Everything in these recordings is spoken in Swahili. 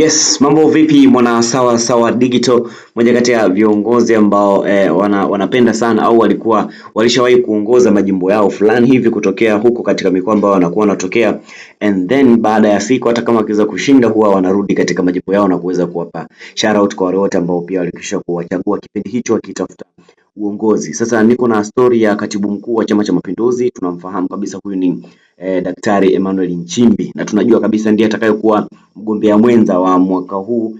Yes, mambo vipi mwana sawa sawa digital, moja kati ya viongozi ambao eh, wana, wanapenda sana au walikuwa walishawahi kuongoza majimbo yao fulani hivi kutokea huko katika mikoa ambayo wanakuwa wanatokea, and then baada ya siku, hata kama wakiweza kushinda, huwa wanarudi katika majimbo yao na kuweza kuwapa shout out kwa wale wote ambao pia walikisha kuwachagua kipindi hicho wakitafuta uongozi. Sasa niko na stori ya katibu mkuu wa Chama cha Mapinduzi, tunamfahamu kabisa huyu ni eh, Daktari Emmanuel Nchimbi na tunajua kabisa ndiye atakayekuwa mgombea mwenza wa mwaka huu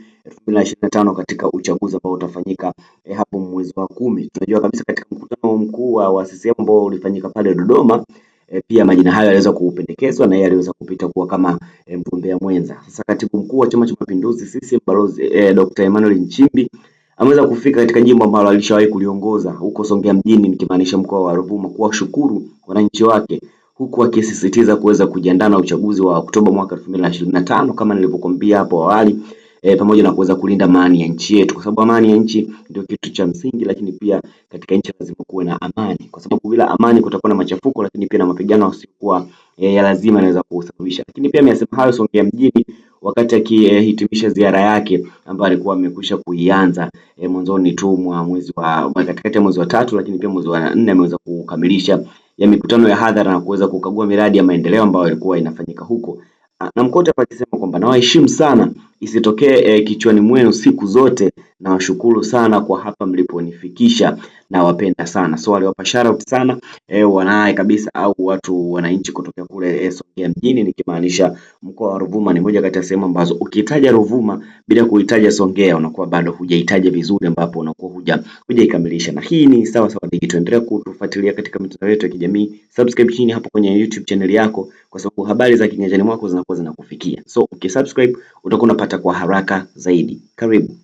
2025 katika uchaguzi ambao utafanyika e, hapo mwezi wa kumi. Tunajua kabisa katika mkutano mkuu wa CCM ambao ulifanyika pale Dodoma e, pia majina hayo yaliweza kupendekezwa na yeye aliweza kupita kuwa kama e, mgombea mwenza. Sasa katibu mkuu wa Chama cha Mapinduzi CCM Balozi e, Dr. Emmanuel Nchimbi ameweza kufika katika jimbo ambalo alishawahi kuliongoza huko Songea mjini, nikimaanisha mkoa wa Ruvuma, kuwashukuru wananchi wake huku akisisitiza kuweza kujiandaa na uchaguzi wa Oktoba mwaka 2025 kama nilivyokuambia hapo awali. E, pamoja na kuweza kulinda amani ya nchi yetu, kwa sababu amani ya nchi ndio kitu cha msingi, lakini pia katika nchi lazima kuwe na amani, kwa sababu bila amani kutakuwa na machafuko, lakini pia na mapigano yasiyokuwa e, ya lazima yanaweza kusababisha. Lakini pia amesema hayo Songea mjini wakati akihitimisha e, ziara yake ambayo alikuwa amekwisha kuianza e, mwanzoni tu mwa mwezi wa katikati ya mwezi wa tatu, lakini pia mwezi wa nne ameweza kukamilisha ya mikutano ya hadhara na kuweza kukagua miradi ya maendeleo ambayo ilikuwa inafanyika huko. Ah, na Mkote hapa akisema kwamba nawaheshimu sana, isitokee eh, kichwani mwenu siku zote. Nawashukuru sana kwa hapa mliponifikisha nawapenda sana. So aliwapa shoutout sana e, wanaye kabisa au watu wananchi kutoka kule e, Songea mjini, nikimaanisha mkoa wa Ruvuma. Ni moja kati ya sehemu ambazo ukitaja Ruvuma bila kuitaja Songea unakuwa bado hujaitaja vizuri, ambapo unakuwa huja hujaikamilisha. Na hii ni sawa sawa Digital, endelea kutufuatilia katika mitandao yetu ya kijamii, subscribe chini hapo kwenye YouTube channel yako, kwa sababu habari za kinyanjani mwako zinakuwa zinakufikia. So ukisubscribe utakuwa unapata kwa haraka zaidi. Karibu.